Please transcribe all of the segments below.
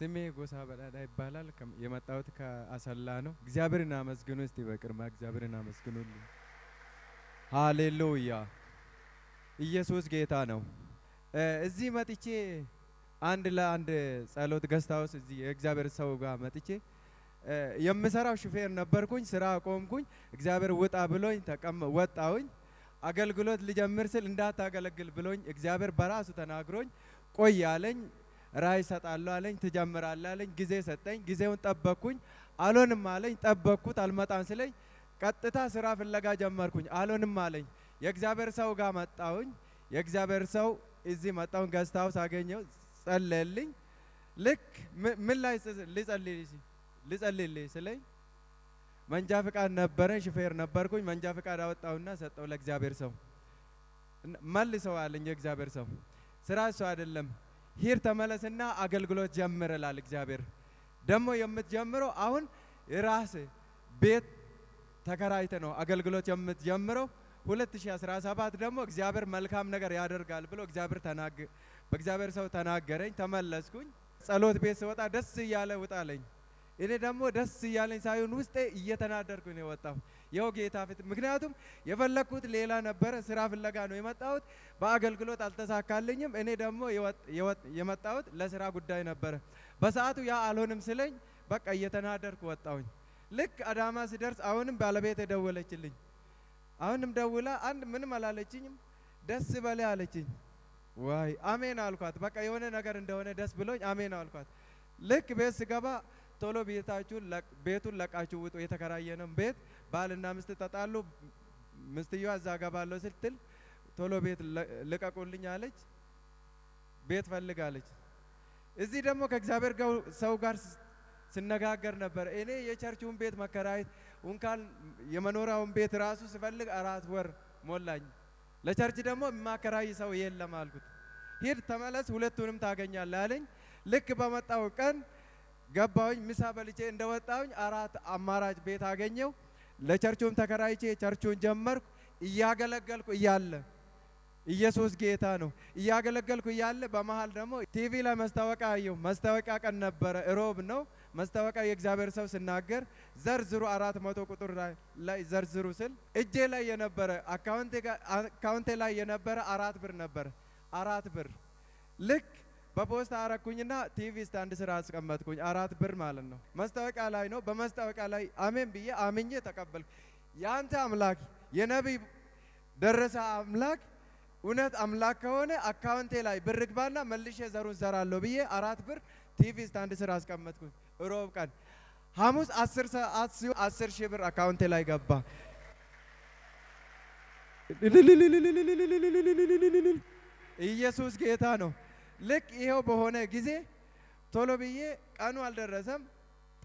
ስሜ ጎሳ በዳዳ ይባላል። የመጣሁት ከአሰላ ነው። እግዚአብሔርን አመስግኑ እስቲ በቅድሚያ እግዚአብሔርን አመስግኑልኝ። ሀሌሉያ ኢየሱስ ጌታ ነው። እዚህ መጥቼ አንድ ለአንድ ጸሎት ገስት ሃውስ እዚህ የእግዚአብሔር ሰው ጋር መጥቼ የምሰራው ሹፌር ነበርኩኝ። ስራ አቆምኩኝ። እግዚአብሔር ውጣ ብሎኝ ተቀም ወጣውኝ። አገልግሎት ልጀምር ስል እንዳታገለግል ብሎኝ እግዚአብሔር በራሱ ተናግሮኝ ቆይ ያለኝ ራይ ሰጣለሁ አለኝ። ትጀምራለህ አለኝ። ጊዜ ሰጠኝ። ጊዜውን ጠበቅኩኝ። አልሆንም አለኝ። ጠበቅኩት። አልመጣም ስለኝ ቀጥታ ስራ ፍለጋ ጀመርኩኝ። አልሆንም አለኝ። የእግዚአብሔር ሰው ጋር መጣሁኝ። የእግዚአብሔር ሰው እዚህ መጣሁን ገዝታ ውስጥ አገኘው። ጸለልኝ። ልክ ምን ላይ ልጸልይልኝ ስለኝ መንጃ ፍቃድ ነበረኝ፣ ሽፌር ነበርኩኝ። መንጃ ፍቃድ አወጣሁና ሰጠው ለእግዚአብሔር ሰው መልሰው አለኝ። የእግዚአብሔር ሰው ስራ እሱ አይደለም ሂር ተመለስና አገልግሎት ጀምር ይላል እግዚአብሔር። ደግሞ የምትጀምረው አሁን ራስ ቤት ተከራይተ ነው አገልግሎት የምትጀምረው። 2017 ደግሞ እግዚአብሔር መልካም ነገር ያደርጋል ብሎ እግዚአብሔር ተናገ በእግዚአብሔር ሰው ተናገረኝ። ተመለስኩኝ። ጸሎት ቤት ስወጣ ደስ እያለ ውጣለኝ። እኔ ደግሞ ደስ እያለኝ ሳይሆን ውስጤ እየተናደርኩኝ የወጣሁ ይኸው ጌታ ፊት። ምክንያቱም የፈለግኩት ሌላ ነበረ፣ ስራ ፍለጋ ነው የመጣሁት። በአገልግሎት አልተሳካልኝም። እኔ ደግሞ የመጣሁት ለስራ ጉዳይ ነበረ። በሰዓቱ ያ አልሆንም ስለኝ በቃ እየተናደርኩ ወጣሁኝ። ልክ አዳማ ሲደርስ አሁንም ባለቤት ደወለችልኝ። አሁንም ደውላ አንድ ምንም አላለችኝም፣ ደስ በለ አለችኝ። ዋይ አሜን አልኳት። በቃ የሆነ ነገር እንደሆነ ደስ ብሎኝ አሜን አልኳት። ልክ ቤት ስገባ ቶሎ ቤታችሁን ቤቱን ለቃችሁ ውጡ የተከራየነም ቤት ባልና ሚስት ተጣሉ። ምስትየዋ እዛ ባለው ስትል ቶሎ ቤት ልቀቁልኝ አለች። ቤት ፈልጋለች። እዚህ ደግሞ ከእግዚአብሔር ሰው ጋር ስነጋገር ነበር። እኔ የቸርቹን ቤት መከራየት እንኳን የመኖሪያውን ቤት ራሱ ስፈልግ አራት ወር ሞላኝ። ለቸርች ደግሞ የማከራይ ሰው የለም አልኩት። ሂድ ተመለስ፣ ሁለቱንም ታገኛለ አለኝ። ልክ በመጣው ቀን ገባሁኝ። ምሳ በልቼ እንደወጣሁኝ አራት አማራጭ ቤት አገኘው። ለቸርቹም ተከራይቼ ቸርቹን ጀመርኩ። እያገለገልኩ እያለ ኢየሱስ ጌታ ነው። እያገለገልኩ እያለ በመሃል ደግሞ ቲቪ ላይ መስታወቂያ አየሁ። መስታወቂያ ቀን ነበረ፣ እሮብ ነው መስታወቂያ። የእግዚአብሔር ሰው ሲናገር ዘርዝሩ አራት መቶ ቁጥር ላይ ዘርዝሩ ስል እጄ ላይ የነበረ አካውንቴ ላይ የነበረ አራት ብር ነበረ። አራት ብር ልክ በፖስታ አረኩኝና ቲቪ ስታንድ ስራ አስቀመጥኩኝ። አራት ብር ማለት ነው። መስታወቂያ ላይ ነው። በመስታወቂያ ላይ አሜን ብዬ አምኜ ተቀበልኩ። ያንተ አምላክ የነቢይ ደረሰ አምላክ እውነት አምላክ ከሆነ አካውንቴ ላይ ብር ግባና መልሼ ዘሩን ዘራለሁ ብዬ አራት ብር ቲቪ ስታንድ ስራ አስቀመጥኩኝ። ሮብ ቀን ሐሙስ አስር ሰዓት ሲሆን አስር ሺህ ብር አካውንቴ ላይ ገባ። ኢየሱስ ጌታ ነው። ልክ ይኸው በሆነ ጊዜ ቶሎ ብዬ ቀኑ አልደረሰም፣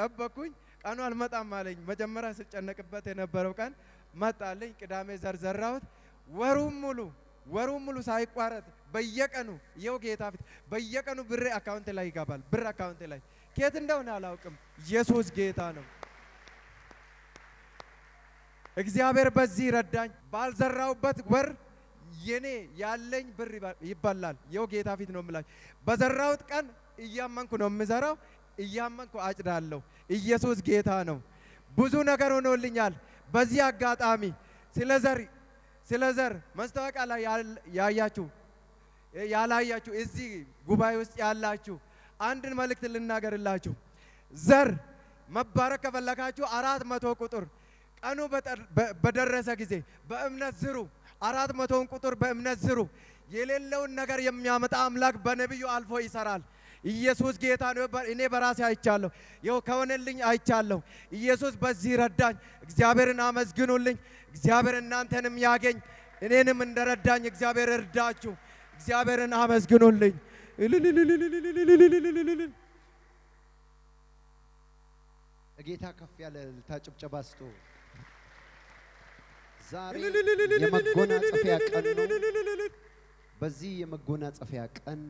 ጠበኩኝ ቀኑ አልመጣም አለኝ። መጀመሪያ ስጨነቅበት የነበረው ቀን መጣልኝ። ቅዳሜ ዘርዘራሁት። ወሩም ሙሉ ወሩም ሙሉ ሳይቋረጥ በየቀኑ ይኸው ጌታ ፊት በየቀኑ ብር አካውንት ላይ ይገባል። ብር አካውንት ላይ ኬት እንደሆነ አላውቅም። ኢየሱስ ጌታ ነው። እግዚአብሔር በዚህ ረዳኝ። ባልዘራውበት ወር የኔ ያለኝ ብር ይባላል። የው ጌታ ፊት ነው የምላችሁ። በዘራሁት ቀን እያመንኩ ነው የምዘራው፣ እያመንኩ አጭዳለሁ። ኢየሱስ ጌታ ነው። ብዙ ነገር ሆኖልኛል። በዚህ አጋጣሚ ስለ ዘር ስለ ዘር መስታወቂያ ላይ ያያችሁ ያላያችሁ እዚህ ጉባኤ ውስጥ ያላችሁ አንድን መልእክት ልናገርላችሁ። ዘር መባረክ ከፈለካችሁ አራት መቶ ቁጥር ቀኑ በደረሰ ጊዜ በእምነት ዝሩ። አራት መቶውን ቁጥር በእምነት ዝሩ። የሌለውን ነገር የሚያመጣ አምላክ በነቢዩ አልፎ ይሰራል። ኢየሱስ ጌታ ነው። እኔ በራሴ አይቻለሁ፣ ይኸው ከሆነልኝ አይቻለሁ። ኢየሱስ በዚህ ረዳኝ። እግዚአብሔርን አመስግኑልኝ። እግዚአብሔር እናንተንም ያገኝ እኔንም እንደረዳኝ እግዚአብሔር እርዳችሁ። እግዚአብሔርን አመስግኑልኝ። ጌታ ከፍ ያለ ልታ ስጡ። ዛሬ የመጎናጸፊያ ቀን ነው። በዚህ የመጎናጸፊያ ቀን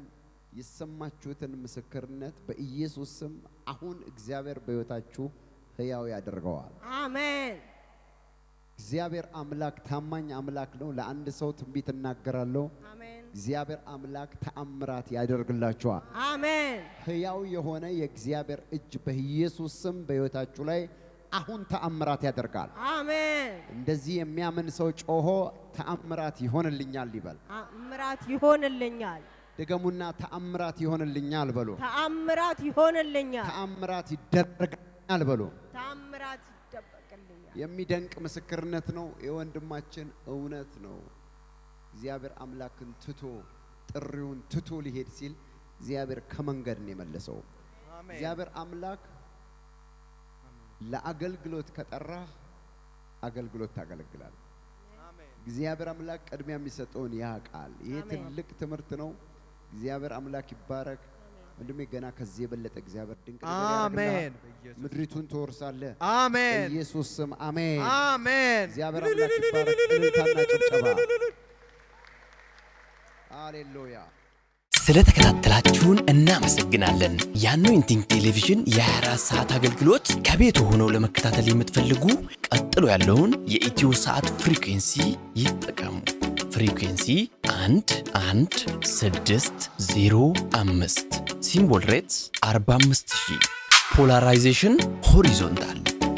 የሰማችሁትን ምስክርነት በኢየሱስ ስም አሁን እግዚአብሔር በሕይወታችሁ ሕያው ያደርገዋል። አሜን። እግዚአብሔር አምላክ ታማኝ አምላክ ነው። ለአንድ ሰው ትንቢት እናገራለሁ። እግዚአብሔር አምላክ ተአምራት ያደርግላችኋል። አሜን። ሕያው የሆነ የእግዚአብሔር እጅ በኢየሱስ ስም በሕይወታችሁ ላይ አሁን ተአምራት ያደርጋል። አሜን። እንደዚህ የሚያምን ሰው ጮሆ ተአምራት ይሆንልኛል ይበል። ተአምራት ይሆንልኛል። ደገሙና ተአምራት ይሆንልኛል በሉ። ተአምራት ይሆንልኛል። ተአምራት ይደረግልኛል በሉ። ተአምራት ይደረግልኛል። የሚደንቅ ምስክርነት ነው። የወንድማችን እውነት ነው። እግዚአብሔር አምላክን ትቶ ጥሪውን ትቶ ሊሄድ ሲል እግዚአብሔር ከመንገድ ነው የመለሰው። እግዚአብሔር አምላክ ለአገልግሎት ከጠራህ አገልግሎት ታገለግላል። እግዚአብሔር አምላክ ቅድሚያ የሚሰጠውን ያውቃል። ይሄ ትልቅ ትምህርት ነው። እግዚአብሔር አምላክ ይባረክ ወንድሜ። ገና ከዚህ የበለጠ እግዚአብሔር ድንቅ አሜን። ምድሪቱን ትወርሳለህ። አሜን። ኢየሱስ ስም አሜን፣ አሜን። እግዚአብሔር አምላክ ይባረክ። ሃሌሉያ ስለተከታተላችሁን እናመሰግናለን። የአኖይንቲንግ ቴሌቪዥን የ24 ሰዓት አገልግሎት ከቤቱ ሆነው ለመከታተል የምትፈልጉ ቀጥሎ ያለውን የኢትዮ ሰዓት ፍሪኩንሲ ይጠቀሙ። ፍሪኩንሲ 1 1 6 05 ሲምቦል ሬትስ 45000 ፖላራይዜሽን ሆሪዞንታል